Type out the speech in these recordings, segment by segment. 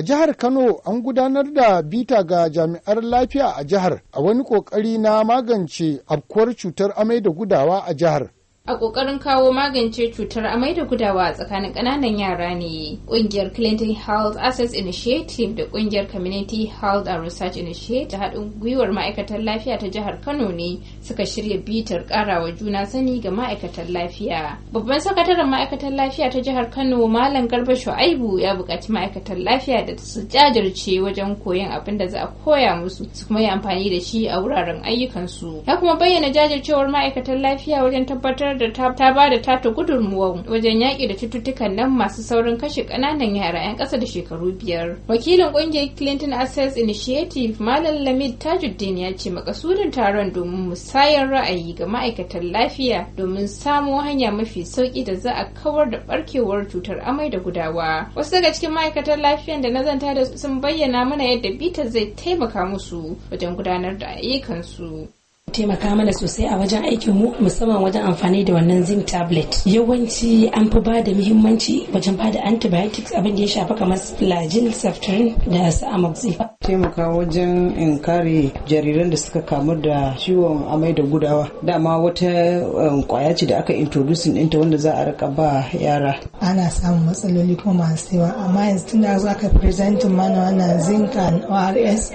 A jihar Kano an gudanar da bita ga jami'ar lafiya a jihar a wani kokari na magance afkuwar cutar amai da gudawa a jihar. a kokarin kawo magance cutar amai da gudawa a tsakanin kananan yara ne kungiyar clinton health Access initiative da kungiyar community health and research initiative haɗin gwiwar ma'aikatar lafiya ta jihar kano ne suka shirya bitar karawa juna sani ga ma'aikatan lafiya babban sakataren ma'aikatar lafiya ta jihar kano malam garba shu'aibu ya buƙaci ma'aikatar lafiya da su jajirce wajen koyon abin da za a koya musu su kuma yi amfani da shi a wuraren ayyukansu ya kuma bayyana jajircewar ma'aikatar lafiya wajen tabbatar da ta ba da ta gudunmuwa wajen yaƙi da cututtukan nan masu saurin kashe ƙananan yara 'yan ƙasa da shekaru biyar. Wakilin ƙungiyar Clinton Access Initiative Malam Lamid Tajuddin ya ce makasudin taron domin musayar ra'ayi ga ma'aikatan lafiya domin samo hanya mafi sauki da za a kawar da barkewar cutar amai da gudawa. Wasu daga cikin ma'aikatan lafiyan da na zanta da sun bayyana mana yadda bitar zai taimaka musu wajen gudanar da ayyukansu. taimaka mana sosai a wajen aikin mu musamman wajen amfani da wannan zinc tablet yawanci an fi ba da muhimmanci wajen ba da antibiotics abin da ya shafa kamar flagyl saftirin da su amoxi taimaka wajen in kare jariran da suka kamu da ciwon amai da gudawa dama wata um, kwaya ce da aka introduce ɗinta wanda za a rika ba yara ana samun matsaloli kuma masu yawa amma yanzu tun da za ka present mana wannan zinc and ors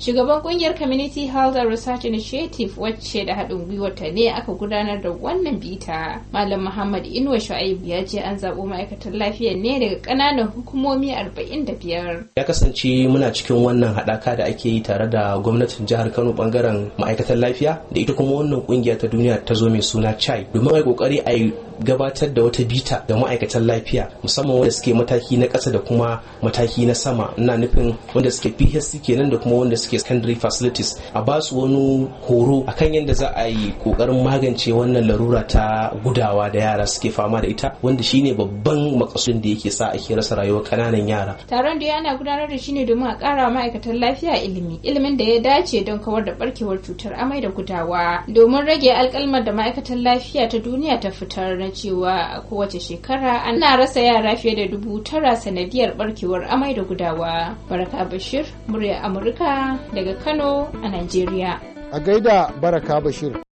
shugaban kungiyar community health and research initiative wacce da haɗin ta ne aka gudanar da wannan bita malam muhammad inuwa shu'aibu ya ce an zaɓo ma'aikatan lafiya ne daga ƙananan hukumomi arba'in da biyar. ya kasance muna cikin wannan haɗaka da ake yi tare da gwamnatin jihar kano bangaren ma'aikatan lafiya da ita kuma wannan kungiya ta duniya ta zo mai suna chai domin a kokari a gabatar da wata bita ga ma'aikatan lafiya musamman wanda suke mataki na ƙasa da kuma mataki na sama ina nufin wanda suke PHC kenan da kuma wanda suke suke secondary facilities a ba su wani horo akan yadda za a yi kokarin magance wannan larura ta gudawa da yara suke fama da ita wanda shine babban makasudin da yake sa ake rasa rayuwar kananan yara taron da yana gudanar da shine domin a kara ma'aikatan lafiya ilimi ilimin da ya dace don kawar da barkewar cutar amai da gudawa domin rage alkalmar da ma'aikatan lafiya ta duniya ta fitar na cewa a kowace shekara ana rasa yara fiye da dubu tara sanadiyar barkewar amai da gudawa baraka bashir murya amurka daga Kano a Najeriya. A gaida Baraka Bashir.